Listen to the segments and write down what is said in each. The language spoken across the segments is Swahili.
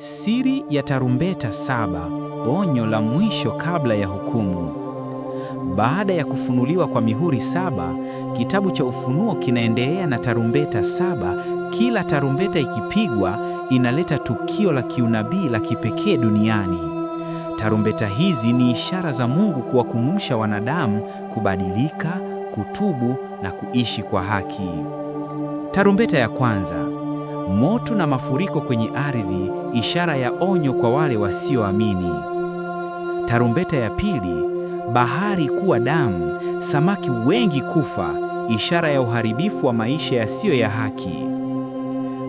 Siri ya tarumbeta saba, onyo la mwisho kabla ya hukumu. Baada ya kufunuliwa kwa mihuri saba, kitabu cha Ufunuo kinaendelea na tarumbeta saba. Kila tarumbeta ikipigwa inaleta tukio la kiunabii la kipekee duniani. Tarumbeta hizi ni ishara za Mungu kuwakumbusha wanadamu kubadilika, kutubu na kuishi kwa haki. Tarumbeta ya kwanza moto na mafuriko kwenye ardhi, ishara ya onyo kwa wale wasioamini. Tarumbeta ya pili, bahari kuwa damu, samaki wengi kufa, ishara ya uharibifu wa maisha yasiyo ya haki.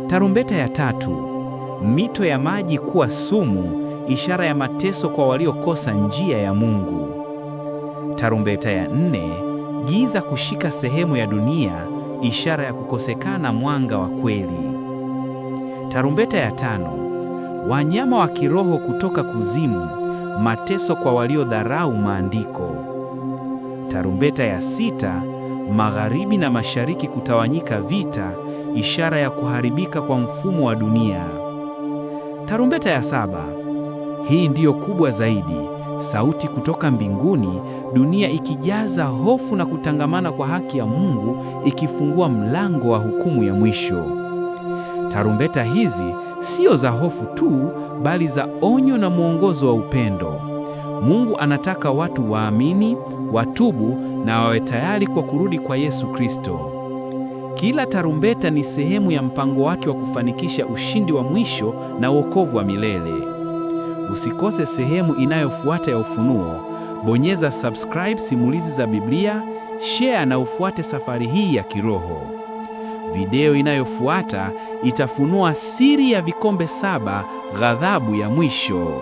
Tarumbeta ya tatu, mito ya maji kuwa sumu, ishara ya mateso kwa waliokosa njia ya Mungu. Tarumbeta ya nne, giza kushika sehemu ya dunia, ishara ya kukosekana mwanga wa kweli. Tarumbeta ya tano: wanyama wa kiroho kutoka kuzimu, mateso kwa waliodharau maandiko. Tarumbeta ya sita: magharibi na mashariki kutawanyika vita, ishara ya kuharibika kwa mfumo wa dunia. Tarumbeta ya saba: hii ndiyo kubwa zaidi, sauti kutoka mbinguni, dunia ikijaza hofu na kutangamana kwa haki ya Mungu, ikifungua mlango wa hukumu ya mwisho. Tarumbeta hizi sio za hofu tu, bali za onyo na mwongozo wa upendo. Mungu anataka watu waamini, watubu na wawe tayari kwa kurudi kwa Yesu Kristo. Kila tarumbeta ni sehemu ya mpango wake wa kufanikisha ushindi wa mwisho na wokovu wa milele. Usikose sehemu inayofuata ya Ufunuo. Bonyeza subscribe Simulizi za Biblia, share na ufuate safari hii ya kiroho. Video inayofuata itafunua siri ya vikombe saba, ghadhabu ya mwisho.